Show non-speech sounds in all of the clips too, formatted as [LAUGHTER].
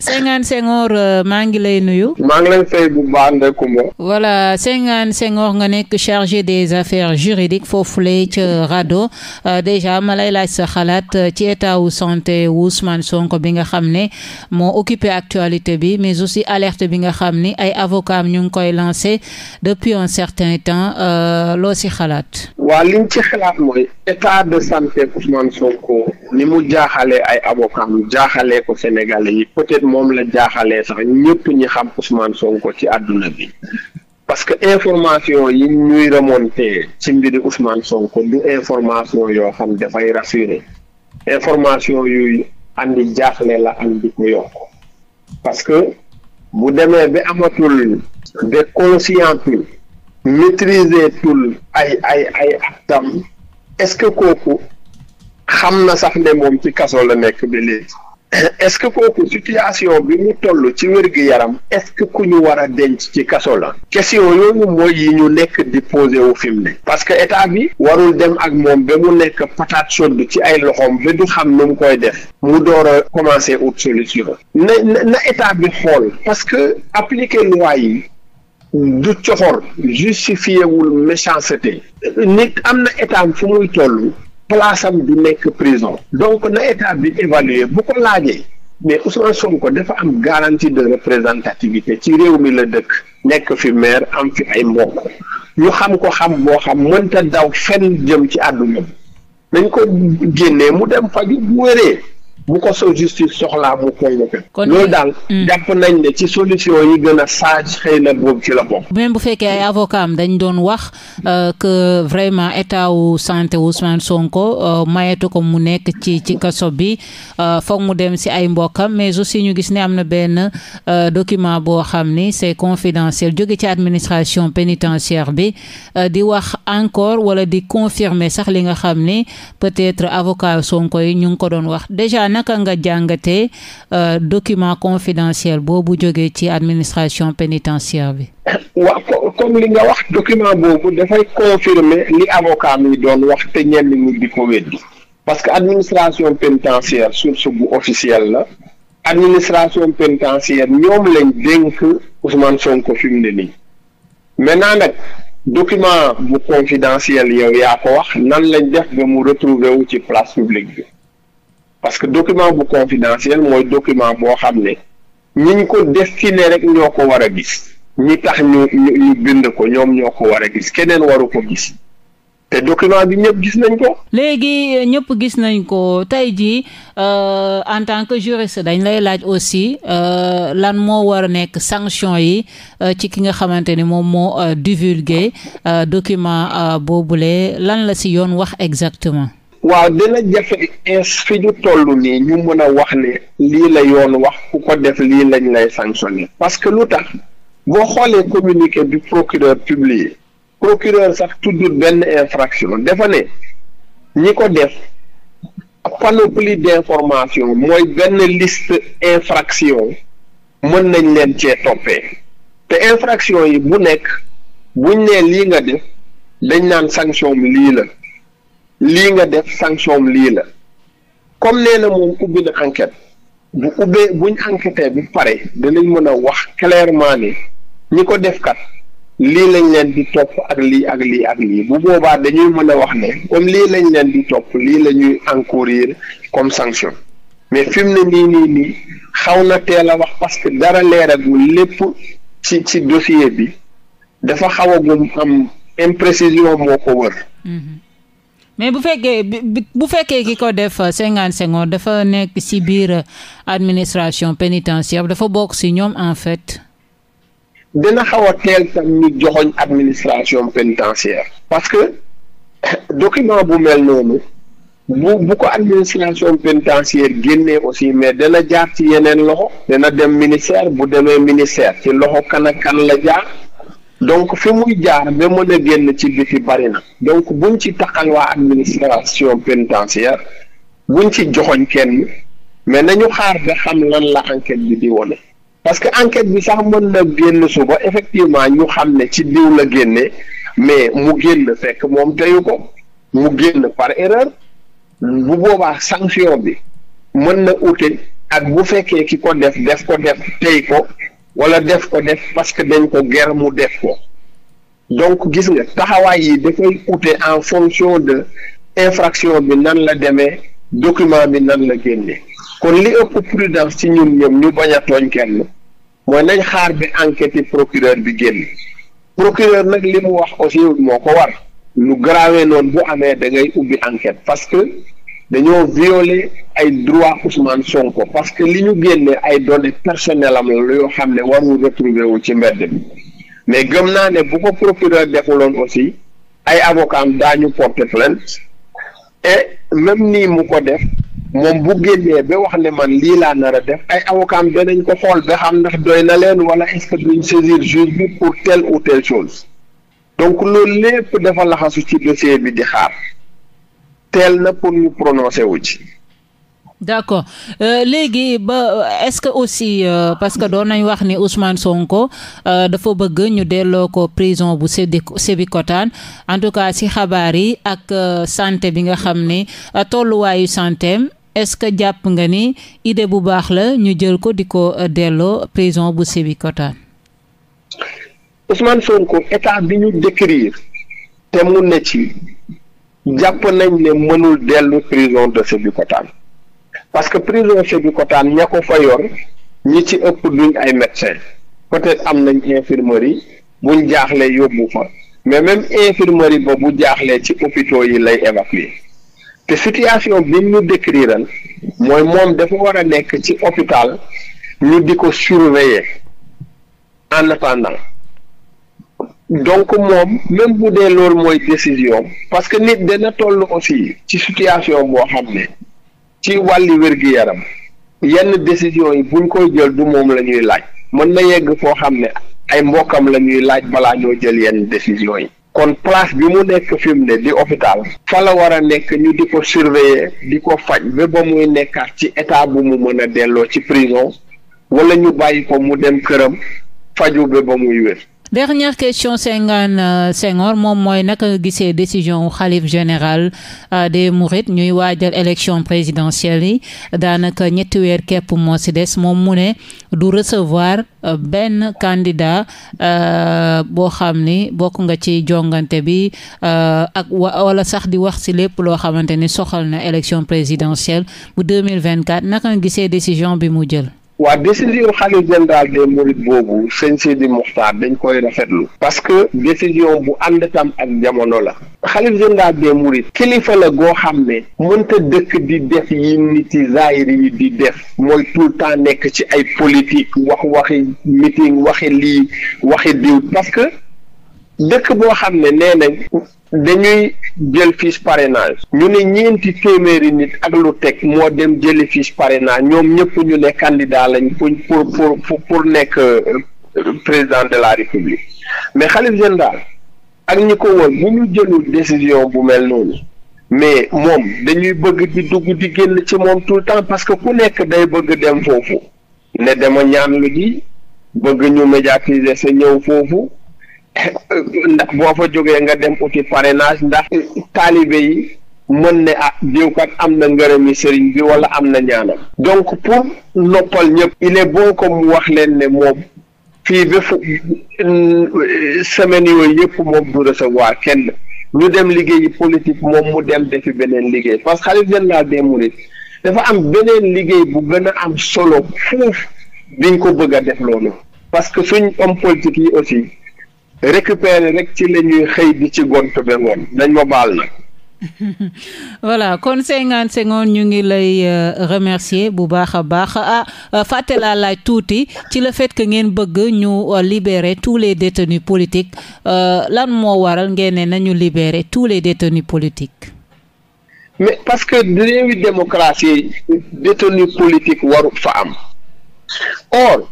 Senghane Senghor euh, maa ngi lay nuyu. maa ngi lay fay bu baax Ndeye Comba. voilà Senghane Senghor nga nekk chargé des affaires juridiques foofule ca rado euh, déjà ma lay laaj sa xalaat euh, ci état wu santé wu Ousmane Sonko bi nga xam ne moo occupé actualité bi mais aussi alerte bi nga xam ni ay avocats ñu ngi koy lancé depuis un certain temps loo si xalaat. waa liñ ci xalaat mooy état de santé Ousmane Sonko ni mu jaaxale ay avocat jaaxalee ko Sénégalais yi peut-être moom la jaaxalee sax ñëpp ñi xam Ousmane Sonko ci àdduna bi parce que information yi ñuy remonté ci mbiri Ousmane Sonko du information yoo xam dafay rassuré information yuy andi jaaxle la andi ko yokk parce que bu demee ba amatul de conscience maîtriser tul ay ay ay atam est-ce que kooku xam na sax ne moom ci kaso la nekk ba léegi [COUGHS] est-ce que kooku situation bi mu toll ci wér-gu-yaram est-ce que ku ñu war a denc ci kaso la question yooyu mooy yi ñu nekk di posé wu fi mu parce que état bi warul dem ak moom ba mu nekk patate chaude ci ay loxoom ba du xam nu mu koy def mu door a commencé ut solution na na bi xool parce que appliquer loi yi du coxor justifié wul méchanceté nit am na état fu muy toll place am du nekk prison donc na état bi évaluer bu ko laajee mais Ousmane Sonko dafa am garantie de représentativité ci réew mi la dëkk nekk fi maire am fi ay mbokk ñu xam ko xam boo xam mënta daw fenn jëm ci àdduna bi dañ ko génnee mu dem faju bu wéree bu ko soo justice soxlaa mu convoqué loolu daal mm. jàpp nañ ne ci solution yi gën a sage xëy na ci la bokk même bu fekkee ay avocat am dañ doon wax euh, que vraiment état wu santé Ousmane Sonko euh, mayetu ko mu nekk ci ci kaso bi euh, foog mu dem si ay mbokkam mais aussi ñu gis ni am na benn document boo xam ni c'est confidentiel joge ci administration pénitentiaire bi di wax encore wala di confirmer sax li nga xam ni peut-être avocat Sonko yi ñu ngi ko doon wax déjà naka nga jàngatee euh, document confidentiel boobu jógee ci administration pénitentiaire bi. [COUGHS] waaw comme li nga wax document boobu dafay confirmer li avocat mi doon wax te ñenn ñi di ko weddi parce que administration pénitentiaire source bu officielle la administration pénitentiaire ñoom lañ dénk Ousmane Sonko fi mu ne nii maintenant nag bu confidentiel yaa ko wax nan lañ def mu retrouver wu ci place publique bi parce que document bu confidentiel mooy document boo xam ne ñiñ ko destiné rek ñoo ko war a gis ñi tax ñu ñu bind ko ñoom ñoo ko war a gis keneen waru ko gis te document bi ñëpp gis nañ ko. léegi euh, ñëpp gis nañ ko tey jii euh, en tant que juriste dañ lay laaj aussi euh, lan moo war a nekk sanction yi ci ki nga xamante ni moom moo divulguer document boobule lan la si yoon wax exactement. waaw dina jafe ins fi ñu toll nii ñu mën a wax ne lii la yoon wax ku ko def lii lañ lay sanctionné parce que lu tax boo xoolee communiqué bi procureur publié procureur sax tuddul benn infraction dafa ne ñi ko def panoplie d'information mooy benn list infraction mën nañ leen cee toppee te infraction yi bu nekk buñ nee lii nga def dañ naan sanction bi lii la lii nga def sanction lii la comme nee na moom ubbi na enquête bu ubbee buñ enquêté bu pare danañ mën a wax clairement ni ñi ko def kat lii lañ leen di ak lii ak lii ak lii bu boobaa dañuy mën a wax ne comme lii lañ leen di topp lii la ñuy encourir comme sanction mais fi ne nii nii nii xaw na teel a wax parce que dara leeragul lépp ci ci dossier bi dafa xaw agum am imprécision moo ko wër. Mm-hmm. mais bu fekkee bu fekkee ki ko def cinquante cinq dafa nekk ci biir administration pénitentiaire dafa bokk ci ñoom en fait. dana xaw a teel tam ñu joxoñ administration pénitentiaire parce que document bu mel noonu. bu bu ko administration pénitentiaire génnee aussi mais dana jaar ci yeneen loxo dana dem ministère bu demee ministère ci loxo kan ak kan la jaar donc fi muy jaar ba mën a génn ci bi fi bari na donc buñ ci taxal waa administration pénitentiaire buñ ci joxoñ kenn mais nañu xaar ba xam lan la enquête bi di wone parce que enquête bi sax mën na génn suba effectivement ñu xam ne ci diw la génne mais mu génn fekk moom teyu ko mu génn par erreur bu boobaa sanction bi mën na ute ak bu fekkee ki ko def def ko def tey ko wala def ko def parce que dañ ko ger mu def ko donc gis nga taxawaay yi dafay ute en fonction de infraction bi nan la demee document bi nan la génnee kon li ëpp prudence ci ñun ñoom ñu bañ a tooñ kenn mooy nañ xaar bi enquête procureur bi génn procureur nag li mu wax aussi moo ko war lu garawee noonu bu amee da ngay ubbi enquête parce que dañoo violer ay droit Ousmane ko parce que li ñu génnee ay données personnelles am la yoo xam ne warul retrouver wu ci mbedd bi mais gëm naa ne bu ko procureur loon aussi ay avocat am daañu porter plainte et même nii mu ko def moom bu génnee ba wax ne man lii laa nara def ay avocat am danañ ko xool ba xam ndax doy na leen wala est-ce que duñ saisir bi pour telle ou telle donc loolu lépp dafa laxasu ci dossier bi di xaar teel na pour ñu prononcer wu ci d' accord euh, léegi ba est ce que aussi euh, parce que doon nañ wax ni Ousmane Sonko euh, dafa bëgg ñu delloo ko prison bu Sébikotane en tout cas si xabaar yi ak euh, santé bi nga xam ni euh, tolluwaayu santéem est ce que jàpp nga ni idée bu baax la ñu jël ko di ko euh, delloo prison bu Sébikotane. Ousmane Sonko état bi ñu décrire te mu ne ci jàpp nañ ne mënul dellu prison de Sébikotane parce que prison Sébikotane ña ko fa ñi ci ëpp duñ ay médecin peut am nañ infirmerie buñ jaaxlee yóbbu fa mais même infirmerie ba bu jaaxlee ci hôpitaux yi lay évacuer te situation bi ñu décriral mooy moom dafa war a nekk ci hôpital ñu di ko surveiller en attendant donc moom même bu dee loolu mooy décision parce que nit dana toll aussi ci situation boo xam ne ci wàlli wér-gu-yaram yenn décision yi buñ koy jël du moom la ñuy laaj mën na yegg koo xam ne ay mbokkam la ñuy laaj balaa ñoo jël yenn décision yi kon place bi mu nekk fi ne di hôpital fa la war a nekk ñu di ko surveiller di ko faj ba ba muy nekkaat ci état bu mu mën a delloo ci prison wala ñu bàyyi ko mu dem këram faju ba ba muy wér dernière question Senghane euh, Senghor moom mooy naka nga gisee décision xalif général euh, des Mourides ñuy waajal élection présidentielle yi daanaka ñetti weer kepp moo si des moom mu ne du recevoir euh, benn candidat boo xam ni bokk nga ci jongante bi ak wala sax di wax si lépp loo xamante ni soxal na élection présidentielle bu 2024 naka nga gisee décision bi mu jël waa décision xalif général des mourides boobu sëñ Sidi Muxtaar dañ koy rafetlu parce que décision bu ànd tam ak jamono la xalif général des mourides kilifa la goo xam ne mënta dëkk di def yi nit yi zaayir yi di def mooy tout nekk ci ay politique wax waxi meeting waxi lii waxi diw parce que dëkk boo xam ne nee dañuy jël fiche parrainage ñu ne ñeenti téeméeri nit ak lu teg moo dem jëli fiche parrainage ñoom ñëpp ñu ne candidat lañ pour pour pour nekk euh, président de la république mais xalif daal ak ñi ko wër bu ñu jëlul décision bu mel noonu mais moom dañuy bëgg di dugg di génn ci moom tout le temps parce que ku nekk day bëgg dem foofu ne dama ñaan lu ji bëgg ñu médiatiser sa ñëw foofu. ndax boo fa jógee nga dem uti parrainage ndax taalibe yi mën ne ah diw kat am na ngërëmi sëriñ bi wala am na ñaanam donc pour noppal ñëpp il est bon que mu wax leen ne moom fii ba fu euh, semaine yooyu yëpp moom du recevoir kenn ñu dem liggéeyi politique moom mu dem defi beneen liggéey parce que xalif général des mourides dafa am beneen liggéey bu gën a am solo foofu biñ ko bëgg a def loolu parce que suñ homme politique yi aussi récupérer rek ci la xëy di ci gont ba ngoon nañ ma baal na [LAUGHS] voilà kon cinquante secondes ñu ngi lay euh, remercier bu baax a baax ah euh, fàtte laa laaj tuuti ci le fait que ngeen bëgg ñu euh, libérer tous les détenus politiques lan moo waral ngeen ne nañu libérer tous les détenus politiques mais parce que réewi démocratie détenu politique waru fa am or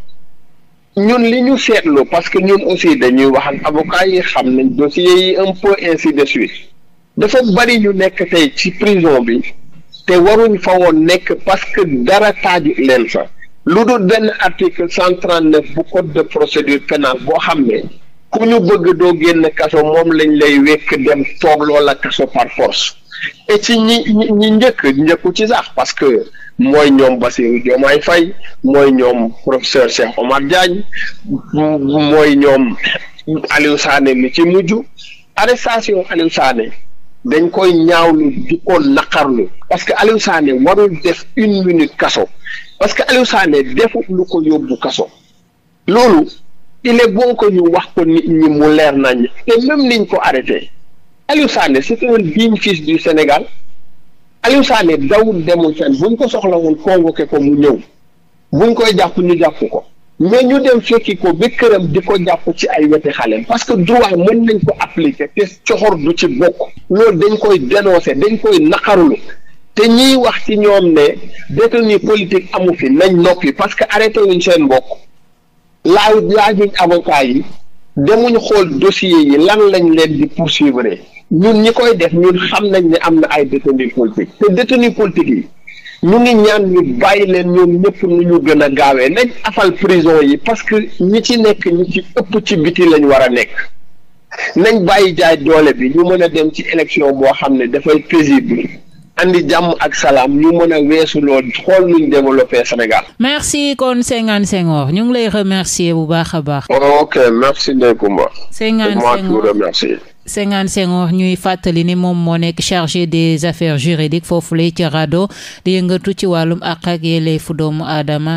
ñun li ñu seetlu parce que ñun aussi dañuy wax ak avocat yi xam nañ dossier yi un peu ainsi de suite dafa bari ñu nekk tey ci prison bi te waruñ fa woon nekk parce que dara taaju leen fa lu dul benn article cent trente neuf bu code de procédure pénale boo xam ne ku ñu bëgg doo génn kaso moom lañ lay wekk dem toog loola kaso par force et ci ñi ñi njëkk njëkku ci sax parce que mooy ñoom Bassirou Diomaye Faye mooy ñoom professeur Cheikh Omar Diagne mooy ñoom Aliou Sané mi ci mujj arrestation Aliou dañ koy ñaawlu di ko naqarlu parce que Aliou Sané warul def une minute kaso parce que Aliou Sané defu lu ko yóbbu kaso loolu il est ñu wax ko nit ñi mu leer nañ te même niñ ko arrêté Aliou Sané c'est un digne fils du Sénégal Aliou Sané dawul demul fenn bu ñu ko soxla woon convoqué ko mu ñëw buñ koy jàpp ñu jàpp ko mais ñu dem fekki ko ba këram di ko jàpp ci ay weti xale parce que droit mën nañ ko appliquer te coxor du ci bokk loolu dañ koy dénoncer dañ koy naqarulu te ñiy wax ci ñoom ne ni politique amu fi nañ noppi parce que arrêté wuñ seen mbokk laaj laajuñ avocat yi demuñ xool dossier yi lan lañ leen di poursuivre ñun ñi koy def ñun xam nañ ne am na ay détenus politique te détenus politique yi ñu ngi ñaan ñu bàyyi leen ñoom ñëpp nu ñu gën a gaawee nañ afal prison yi parce que ñi ci nekk ñi ci ëpp ci biti lañ war a nekk nañ bàyyi jaay doole bi ñu mën a dem ci élection boo xam ne dafay paisible indi jàmm ak salaam ñu mën a weesu lool xool nuñ développé Sénégal. merci kon Senghane Senghor ñu ngi lay remercier bu baax a baax. ok merci Ndeye Comba. Senghane Senghor Senghane Senghor ñuy fàttali ni moom moo nekk chargé des affaires juridiques foofu lay ci RADDHO di yëngatu ci wàllum àq ak yelleefu doomu aadama